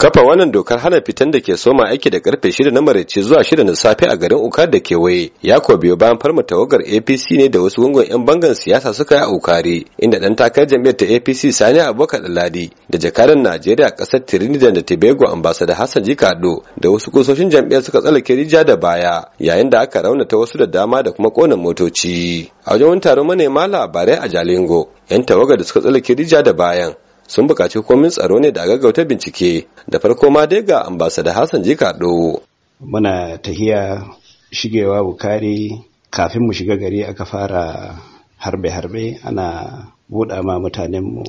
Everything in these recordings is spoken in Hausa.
kafa wannan dokar hana fitan da ke soma aiki da karfe shida na maraice zuwa shida na safe a garin ukar da kewaye ya ko biyo bayan farma tawagar apc ne da wasu gungun yan bangan siyasa suka yi a ukari inda dan takarar jam'iyyar ta apc sani abubakar daladi da jakadan najeriya kasar trinidad da tobago ambassador hassan jikado da wasu kusoshin jam'iyyar suka tsallake rija da baya yayin da aka raunata wasu da dama da kuma kona motoci a wajen taron manema labarai a jalingo yan tawagar da suka tsallake rija da bayan sun buƙaci hukumin tsaro ne da gaggauta bincike da farko ma dai ga ambasada hassan jikado muna tahiya shigewa bukari kafin mu shiga gari aka fara harbe-harbe ana buɗa ma mutanenmu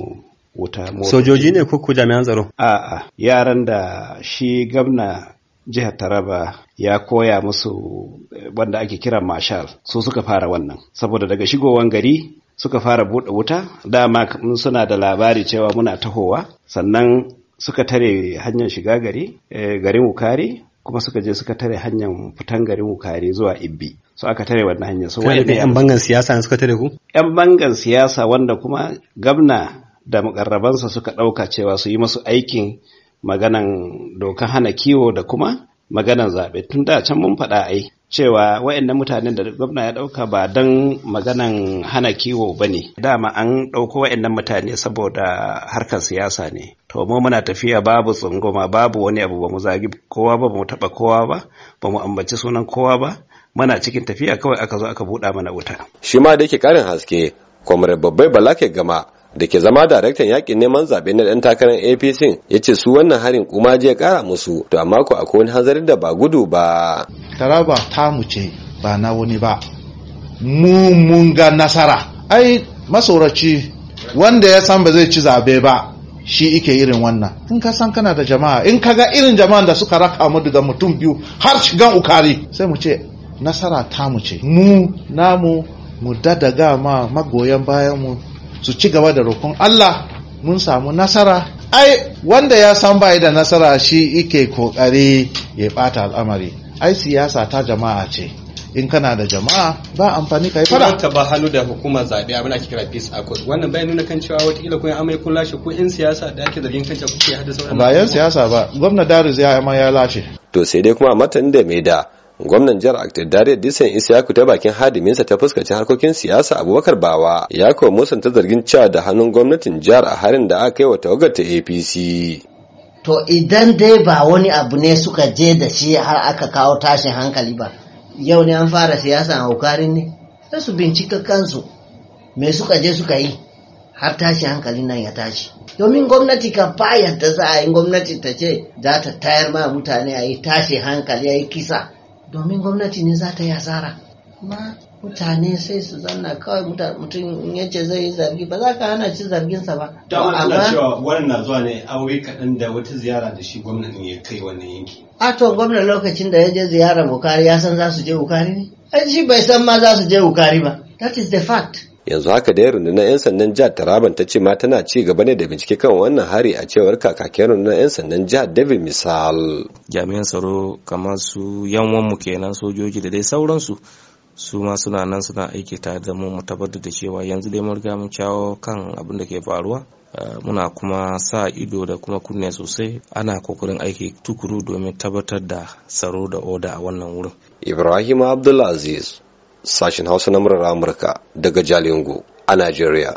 wuta sojoji ne kuku jami'an tsaro a'a yaran da shi gamna jihar taraba ya koya musu wanda ake kira marshal su suka fara wannan saboda daga shigowan gari suka fara buɗe wuta dama suna da labari cewa muna tahowa sannan suka tare hanyar shiga gari eh, garin wukari kuma suka je suka tare hanyar fitan garin wukari zuwa ibbi so aka tare wannan hanyar so wani ne yan bangan siyasa suka tare ku yan bangan siyasa wanda kuma gabna da mukarrabansa suka ɗauka cewa su yi masu aikin maganan dokan hana kiwo da kuma maganan zaɓe tun da can mun faɗa ai cewa waɗannan mutanen da gwamna ya ɗauka ba don maganan hana kiwo ba ne dama an ɗauko waɗannan mutane saboda harkar siyasa ne to mu muna tafiya babu tsunguma babu wani abu ba mu zagi kowa ba mu taɓa kowa ba ba mu ambaci sunan kowa ba muna cikin tafiya kawai aka zo aka buɗa mana wuta shi ma da yake ƙarin haske kwamre babbai balake gama da ke zama daraktan yakin neman zaɓe na ɗan takarar apc ya ce su wannan harin kuma je ƙara musu to amma ko akwai wani hanzarin da ba gudu ba taraba mu ce ba na wani ba mu mun ga nasara ai masauraci wanda ya san ba zai ci zabe ba shi ike irin wannan in ka san kana da jama'a in ka ga irin jama'a da suka raka mu daga mutum biyu har shigan ukari sai mu ce nasara ta mu ce mu namu mu dadaga ma magoyan bayanmu su ci gaba da roƙon Allah mun samu nasara ai wanda ya san bai da nasara shi ike kokari ya bata al'amari ai siyasa ta jama'a ce in kana da jama'a ba amfani kai fara ta ba hannu da hukumar zabe abin ake kira peace accord wannan bai nuna kan cewa watakila kun amai kun lashe ko in siyasa da ake zargin kanta kuke hada sauran ba yan siyasa ba gwamnati Darius ya amma ya lashe to sai dai kuma matan da mai da gwamnan jihar Aktidare Disan Isiyaku ta bakin hadiminsa ta fuskaci harkokin siyasa Abubakar Bawa ya kuma musanta zargin cewa da hannun gwamnatin jihar a harin da aka yi wa tawagar ta APC to idan dai ba wani abu ne suka je da shi har aka kawo tashin hankali ba yau ne an fara siyasa a hukarin ne sai su bincika kansu me suka je suka yi har tashin hankalin nan ya tashi domin gwamnati ka ba yadda za a yi gwamnati ta ce za ta tayar ma mutane a yi tashin hankali a yi kisa domin gwamnati ne za ta yi asara mutane sai su zanna kawai mutum ya ce zai yi zargi ba za ka hana shi zarginsa ba. Ta wani cewa wannan na zuwa ne aure kaɗan da wata ziyara da shi gwamnan ya kai wannan yanki. A to gwamnan lokacin da ya je ziyara Bukari ya san za su je Bukari ne? Ai shi bai san ma za su je Bukari ba. That is the fact. yanzu haka dai rundunar 'yan sandan jihar taraban ta ce ma tana ci gaba ne da bincike kan wannan hari a cewar kakakin rundunar 'yan sandan jihar david misal jami'an tsaro kamar su wanmu kenan sojoji da dai sauransu su ma suna nan suna aiki tare da mu mu tabbatar da cewa yanzu dai mun riga mun kyawo kan abin da ke faruwa eh, muna kuma sa ido da kuma kunne sosai ana kokarin aiki tukuru domin tabbatar da tsaro da oda a wannan wurin ibrahim abdulaziz sashen hausa na murar amurka daga jalingo a najeriya